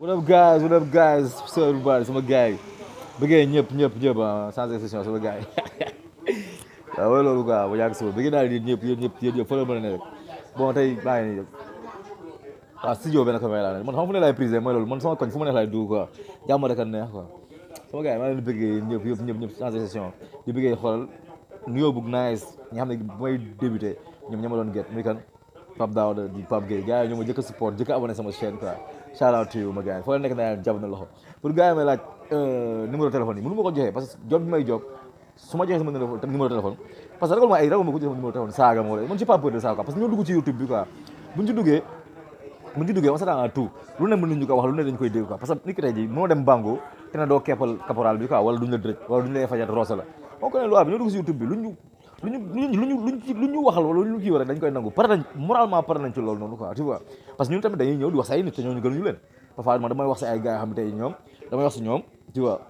what up guys what up guys so everybody sama gars yi bëggee ñëpp ñëpp ñëpp sans exception sama gars yi waaw wala loolu quoi bu yàgg suba bëggee naa leen ñëpp yéen ñëpp yéen ñëpp fa la mën a ne rek bon tey bàyyi nii waaw studio benn caméra laa ne man xam fu ne laay prise mooy loolu man sama koñ fu ma neex laay dugg quoi jàmm rek a neex quoi sama yi maa leen bëggee yéen ñëpp yëpp ñëpp ñëpp sans exception di bëggee xoolal nuyoo bu nice ñi nga xam ne bu may débuté ñoom ñoo ma doon get muy kan Pape Daouda di Pape Gueye ñoo ma jëkk a support jëkk a sama chaîne shout out to ma gars yi foo nekk na yàlla jàpp na loxo pour gars yi may laaj euh, numéro téléphone yi mënu ma ko joxee parce job bi may job su joxee sama numéro téléphone parce que ragal ko joxe numéro téléphone moo lay man je suis pas peur de ñoo dugg ci YouTube bi quoi buñ ci duggee buñ ci duggee on s'attend à tout lu ne mën wax lu ne dañu koy dégg quoi parce que nit ki tey ji dem bango te na doo keppal caporal bi quoi wala duñ la dërëj wala duñ la on lu ñu lu ñu lu ñu waxal wala lu ñu kii war dañ koy nangu pare nañ moralement pare nañ ci loolu noonu quoi tu vois parce que ñun tamit dañuy ñëw di wax say nit te ñooñu gënuñu leen parfois man damay wax si ay gars yoo xam ne tey ñoom damay wax si ñoom tu vois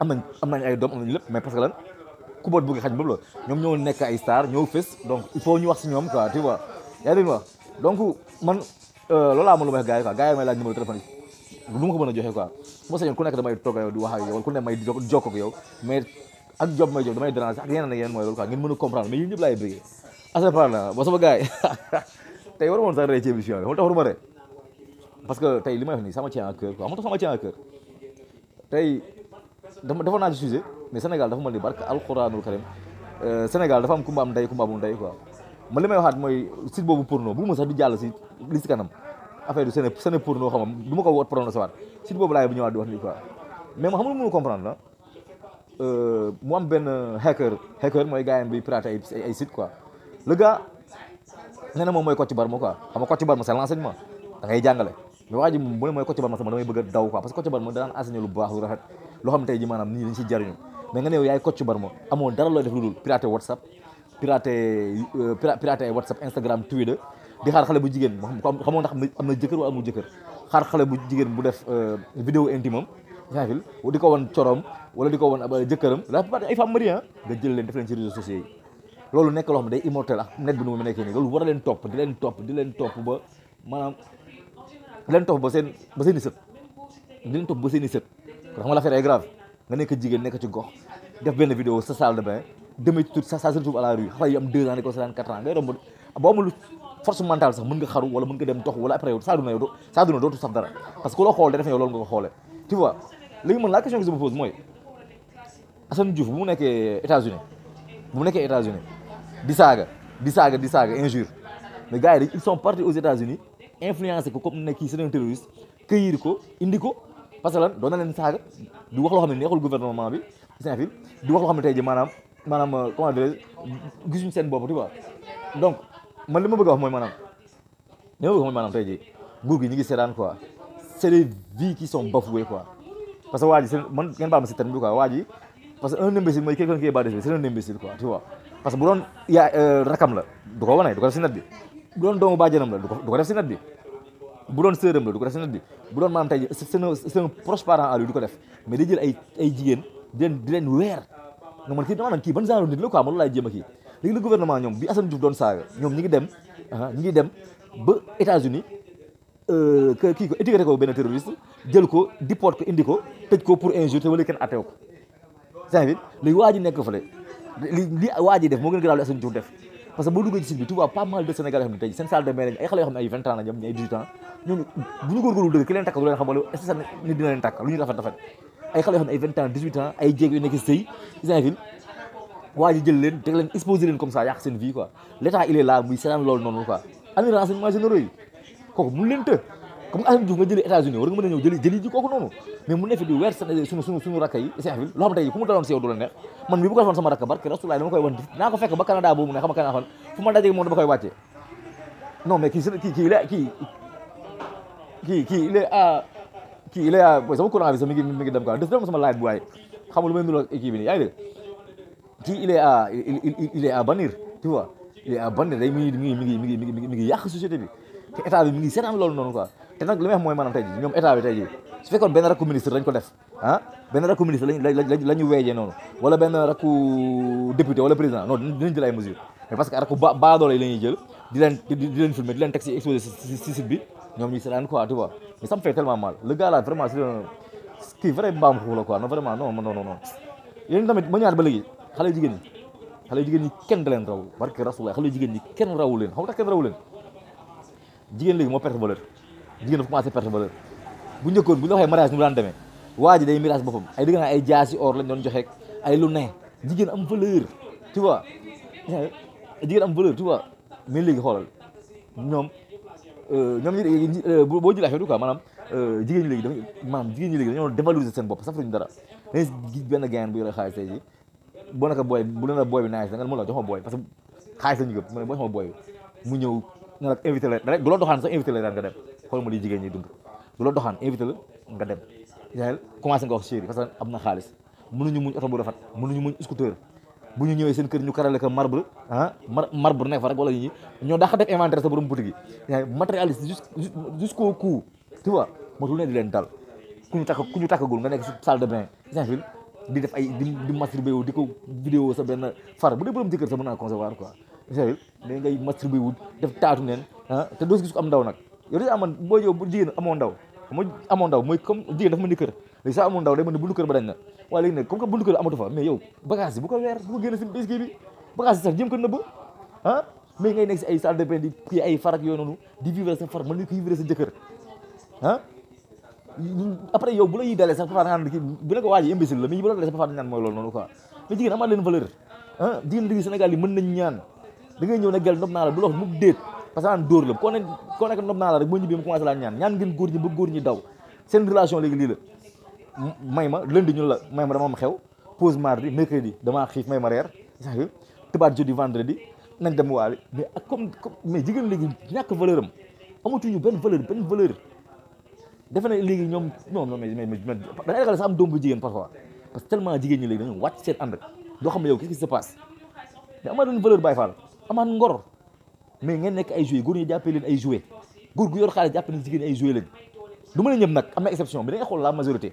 am nañ am nañ ay doom am nañ lépp mais parce que lan ku boot bëgg xañ boobu la ñoom ñoo nekk ay star ñoo fës donc il faut ñu wax si ñoom quoi tu vois yaa ngi wax donc man euh, loolu laa ma lu may wax gars yi quoi gars yi may laaj numéro téléphone yi lu ma ko mën a joxe quoi bu ma sañoon ku nekk damay toog yow di wax ak yow wala ku nekk may jokk ak yow mais ak job may job damay déranger ak yeneen ak yeneen mooy loolu ngeen mën a comprendre mais yéen ñëpp laay bëggee asa bi xol tax waruma ree parce que tey li may wax nii sama tient à cœur quoi moo tax sama tient à cœur tey dafa naa ci sujet mais Sénégal dafa mel ni barke alxuraanul karim euh, Sénégal dafa am kumba am ndey kumba amul ndey quoi man li may waxaat mooy site boobu porno bu ma sax di jàll si li si kanam affaire du Séné Séné porno xam du ma ko woot porno sa waat site boobu laay bu euh am ben hacker hacker moy gaay yi biy pirater ay ay site quoi le gars nee na moom mooy Kocc Barma quoi xam nga Kocc Barma c'est l'enseignement da ngay jangalé mais waji mo moy ko ci Kocc Barma sama damay bëgg daw quoi parce que Kocc Barma danaan enseigner lu baax lu rafet lo xam tay ji manam ni dañ ci jarignu mais nga ne yow yaay Kocc Barma amo dara lo def lu dul pirater WhatsApp pirater euh, pirater WhatsApp Instagram Twitter di xaar xalé bu jigéen xam ndax am na jëkkër wala amu jëkkër xaar xalé bu jigen bu def euh, vidéo intime Genville di ko wan corom wala di ko wan jëkkëram la plupart ay femmes mariées nga jël leen def leen ci réseaux sociaux yi loolu nekk loo xam ne day immortel ak ah, net bi nu mu nekkee nii loolu war a leen topp di leen topp di leen topp ba maanaam di leen topp ba i sët i sët xam nga l'affaire grave nga nekk jigéen nekk ci gox def benn vidéo sa salle de bain demee ci tout sa sa seen suuf à la rue xale am deux ans di ko seetaan quatre ans nga xaru wala mën nga dara parce que loo xool da def yow loolu nga léegi man la question que je me pose mooy Assane Diouf bu mu nekkee États-Unis bu mu États-Unis di saga di saga di saga injure mais gars yi ils sont partis aux États-Unis influencé ko comme nekki c'est un terroriste cueillir ko indi ko parce que lan doon na leen saaga di wax lo xamné ne neexul gouvernement bi saint fil du wax lo xamné tayji manam manam euh, comment dire gisuñu sen bopp tu vois donc man li bëgg wax moy manam li ma bëgg a wax mooy maanaam tey jii gi ñu ngi sétane quoi c'est les vies qui sont bafouées quoi parce que waa ji man ngeen baal ma si terme bi quoi waa ji parce que un imbécile mooy quelqu'un qui est bas des c'est un imbécile quoi tu bu doon yaa euh, la du ko wane def si net bi bu doon sërëm la du def si net bi bu doon maanaam tey c'est un c'est un def mais day jël ay ay jigéen di leen di weer nga man kii maanaam kii ban genre nit la quoi man laay jéem a kii léegi le gouvernement ñoom bi Assane Diouf doon saaga ñoom ñi dem ah, ñi dem ba États-Unis Euh, kii ko étiqueté ko benn terroriste jël ko dipporte ko indi ko tëj ko pour injure te wala kenn attew ko saa bi léegi waa nekk fële li li waa def moo gën a grave li Assane Diouf def parce que boo duggee ci site bi tu pas mal de Sénégalais ay xale xam ne ay vingt ans la ñoom ay ay xale xam ne ay vingt ans dix-huit ans ay jéeg yu nekk sëy saa bi waa ji jël leen teg leen exposé leen comme ça yàq seen vie quoi l'état il est là muy seetaan loolu kooku mun leen të comme Assane Diouf nga jëlee États-Unis war nga mën a ñëw jëli jëli kooku noonu mais mu ne fi weer suñu suñu yi Saint-Ville loo xam tey ku mu daloon si yow du neex man mi bu ko defoon sama rakk barke rasulaay dama koy wan naa ko fekk ba Canada boobu ne xam nga Canada fan fu ma kii kii kii la kii kii kii il est à kii il ah, mi mi ngi dem def dem sama laaj bu waaye xam nga lu may nuloo kii bi nii yaa ngi dégg kii il est à il est à bannir day mi ngi mi ngi mi ngi mi ngi mi ngi yàq société bi te état bi mi ngi seetaan loolu noonu quoi te nag li may wax mooy maanaam tey ñoom état bi tey jii su fekkoon benn rakku ministre lañ ko def ah benn rakku ministre lañ weejee noonu wala benn rakku député wala président non dinañ jël ay parce que rakku ba baadoole yi la jël di leen di di leen teg si exposé si site ñoom ñuy seetaan quoi tu vois mais ça me fait mal le gars là vraiment c'est un kii vrai mbaam xuux la quoi non vraiment jigéen léegi moo perte valeur jigéen dafa commencé perte valeur bu njëkkoon bu ñu la waxee mariage nu mu daan demee waa ji day miraas boppam ay dëgg naa ay jaasi or lañ doon joxe ay lu ne jigéen am valeur tu vois jigéen am valeur tu vois mais léegi xoolal ñoom euh, ñoom ñi euh, boo jëlee affaire bi quoi maanaam euh, jigéen ñi léegi dafa maanaam jigéen ñi léegi dañoo dévaloriser seen bopp safatuñu dara dañ gis benn gain bu yore xaalis tey ji boo naka booy bu leen booy bi naaj da nga mën la jox ma booy parce que xaalis la ñu gëm ma mu ñëw nga nag invité la rek du la doxaan sax invité nga dem xool ma jigéen ñi dund du la doxaan invité la nga dem yaayel commencé nga wax chéri parce que am na xaalis mënuñu muñ oto bu rafet mënuñu muñ scooter bu ñu ñëwee seen kër ñu karale ko marbre ah marbre nekk fa rek wala dax def inventaire sa borom boutique yi yaay matérialiste jusqu'au cou tu vois moo lu ne di leen dal ku ñu takk ku ñu takkagul nga nekk si salle de bain di def ay di di wu di ko vidéo sa benn far bu dee borom jëkkër sa mën naa quoi sel da ngay masturbé wut def taatu neen ah te doo gis ko am ndaw nag yow dañu amoon boo yow bu jigéen amoo moo comme jigéen dafa mën ni kër léegi sa amoon ndaw day mën ne bundu kër na waaye léegi nag comme que bundu kër amatu fa mais yow bagage yi bu ko ay salle di kii ay farak yooyu noonu di vivre sa far mën ni ko vivre sa jëkkër ah. après yow bu yi dalee sax papa naan bu la ko waaj la mais bu la leen valeur ah jigéen léegi Sénégal yi ñaan da ngay ñëw ne gel nopp naa la du la wax mukk déet parce que naan dóor la koo la rek boo ñibbee mu commencé ma lundi ñu la dama am ma reer sax yi tëbaat jeudi vendredi nañ dem waale mais ak comme mais jigéen léegi ñàkk valeur am amatuñu benn valeur benn valeur defe na léegi ñoom non non mais mais da ngay doom bu jigéen parfois parce que tellement jigéen ñi léegi dañoo wàcc seen ànd doo xam ne yow qu'est-ce qui se passe mais amaa doon valeur Baye Fall amaat ngor mais ngeen nekk ay joué góor ñi jàppee leen ay joué góor gu yor xaalis jàppee leen jigéen ay joué leen du ma ne ñëpp nag am na exception bi da nga xool la majorité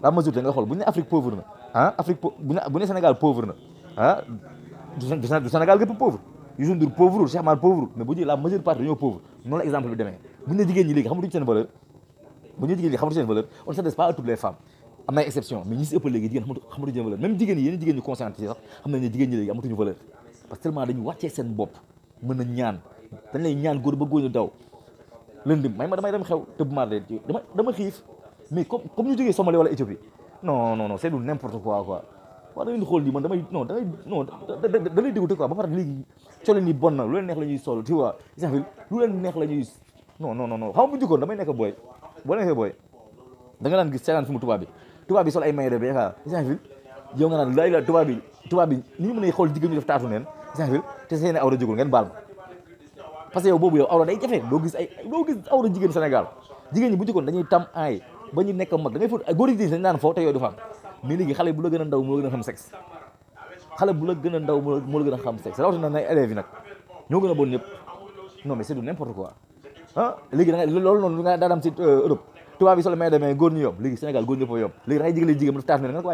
la majorité nga xool bu ñu ne Afrique na ah, bu ne Sénégal pauvre na ah, du Sénégal gëpp pauvre Youssou Ndour pauvre Cheikh Mar pauvre mais bu ñu la majeure partie dañoo pauvre noonu la exemple bi demee bu ñu ne jigéen ñi léegi xamatuñu seen valeur bu ñu jigéen ñi xamatuñu seen valeur on ne s'adresse jigéen xamatuñu seen jigéen yi yenn jigéen sax xam parce que tellement dañu wàccee seen bopp mën a ñaan dañ ñaan góor ba góor ñu daw lënd may ma damay dem xew tëb maar de dama dama xiif mais comme comme ñu jógee Somalie wala Éthiopie non non non c'est du n'importe quoi quoi waaw da ngeen di xool nii ba pare léegi coono ni bon na lu leen neex la ñuy sol tu vois la ñuy non non non xam nga bu njëkkoon damay nekk booy boo nekkee nga daan gis seetaan fi mu tubaab bi tubaab bi sol ay may de bain quoi yow nga naan la tubaab bi tubaab bi ni ñu mën a xool jigéen ñu def taatu neen Saint-Ville seen awra jógul ngeen baal ma parce que boobu yow awra day jafe doo gis ay jigéen Sénégal jigéen ñi bu jëkkoon dañuy tam aay ba ñu nekk mag da ngay fóot góor yi dañ daan foo léegi xale bu la a a a a xam sexe du n'importe quoi ah nga loolu noonu nga daa daam si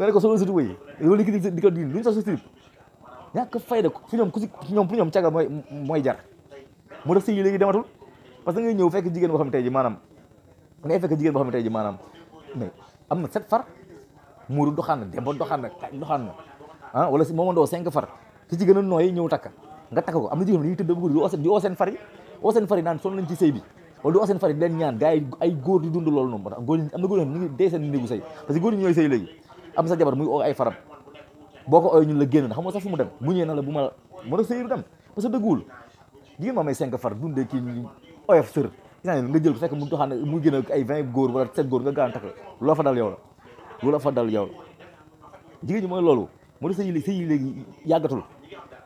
nga ne ko solo si tuba yi loolu mooy mooy jar moo tax si yi léegi fekk jigéen boo xam ne tey tey ji maanaam mais am na sept far muuru doxaan na demba doxaan na cinq far ci gën a nooy ñëw takka nga takk ko am na jigéen dañuy tëdd ba di oo seen far yi oo seen far ci sëy bi wala di oo seen far di ay góor di dund loolu noonu am na góor dee seen néegu sëy parce que góor ñi ñooy sëy léegi am sa jabar muy oo ay faram boo ko ooy ñun la génn na xam nga sax fu mu dem mu ñëwee na la bu ma mën a sëy du dem parce que dëgguwul jigéen ma may cinq far dundee kii oyof sër isaan nga jël ko fekk mu doxaan ne mu gën a ay vingt góor wala sept góor nga gaan takk loo fa dal yow la loola fa dal yow la jigéen ñi mooy loolu moo tax sëy sëy léegi yàggatul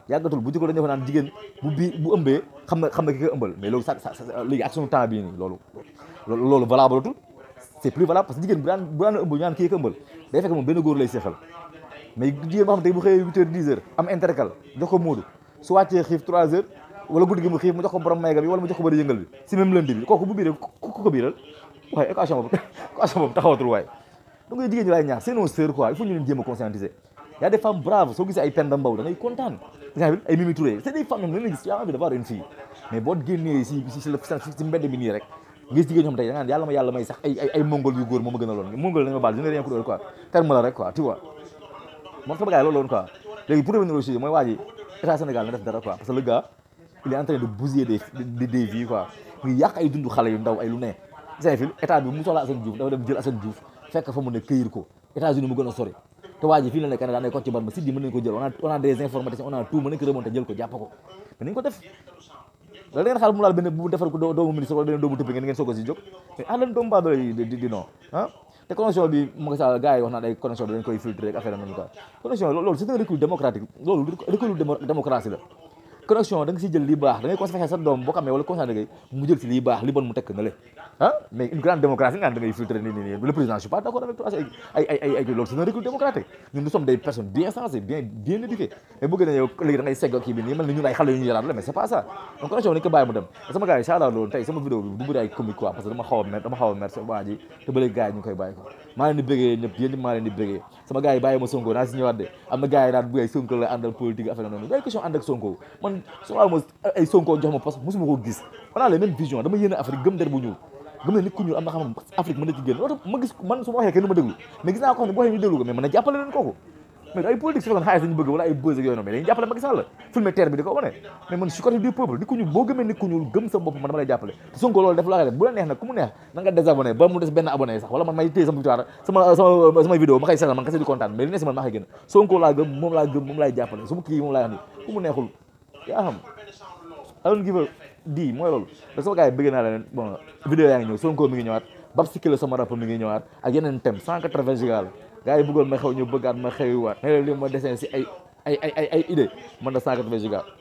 yàggatul bu jëkkoon dañu ko naan jigéen bu bu ëmbee xam na xam na ki ko ëmbal mais loolu sa a ak sunu temps loolu loolu valable tul c'est plus valable parce que jigéen ko ko borom mayga ko ko biiral waaye équation boobu boobu taxawatul waaye donc jigéen ñi laay ñaax c'est nos sœurs quoi il soo gisee ay Penda Mbow da ngay kontaan exemple si si bi nii rek nga gis jigéen ñoo xam tey da naan yàlla ma yàlla may sax ay ay ay mongol yu góor moom ma gën a loon mongol nañ ma baal je n'ai rien contre eux quoi terme la rek quoi tu vois moom sama gars yi loolu loon quoi léegi pour revenir au sujet mooy waa ji état Sénégal na def dara quoi parce que le gars il est en train de bousiller des des vies quoi mu ngi yàq ay dundu xale yu ndaw ay lu ne seen fil état bi mu soxla Assane Diouf dafa dem jël Assane Diouf fekk fa mu ne këyir ko États-Unis mu gën a sori te waa ji fii la nekk Canada nekkoon ci ban ba si di mën nañ ko jël on a on a des informations on a tout mën nañ ko remonter jël ko jàpp ko mais nañ ko def da ngeen xaar mu laal benn bu defal ko doomu ministre wala benn doomu tëpp ngeen ngeen soog a si jóg mais ah lan doomu di di non ah te connexion bi Macky Sall gars yi wax naan ay connexion bi dañ koy filtrer ak affaire am en tout cas connexion loolu c'est un recul démocratique loolu recul démocratie la connexion da nga siy jël lii baax da ngay conseillé sa doom boo ko amee wala conseillé ngay mu jël ci lii baax li bon mu tekk na le ah mais une grande démocratie nga da ngay filtrer nii nii nii le président je suis pas d'accord avec toi ay ay ay ay loolu c'est un recul démocratique ñun nous sommes des personnes bien sensées bien bien éduquées mais bu gën a yow léegi da ngay segg kii bi nii mel ni ñun ay xale yu ñu yaraat la mais c'est pas ça donc connexion bi nañ ko bàyyi mu dem sama gars yi inchallah loolu tey sama vidéo bi du bëri ay comique quoi parce que dama xaw a mer dama xaw a mer sa waa ji te ba léegi gars yi ñu ngi koy bàyyi ko maa leen di bëggee ñëpp yéen ñëpp maa leen di bëggee sama gars yi bàyyi ma Sonko naa si ñëwaat de am na gars yi naan bu ay Sonko la àndal politique affaire noonu day question ànd ak Sonko man soxla ma ay Sonko jox a les mêmes visions moom laa gëm moom laay jàppale su ma kii moom laay wax ni ku neexul yaa xam I don't give a di mooy loolu da sama gars yi bëgg naa leen bon vidéo yaa ngi ñëw Sonko mi ngi ñëwaat Babsik la sama rap mi ngi ñëwaat ak yeneen thème cent quatre-vingts giga la yi bëggoon ma xew ñu bëggaat ma xewiwaat ne leen li ma dessin si ay ay ay ay idée man na cent quatre-vingts giga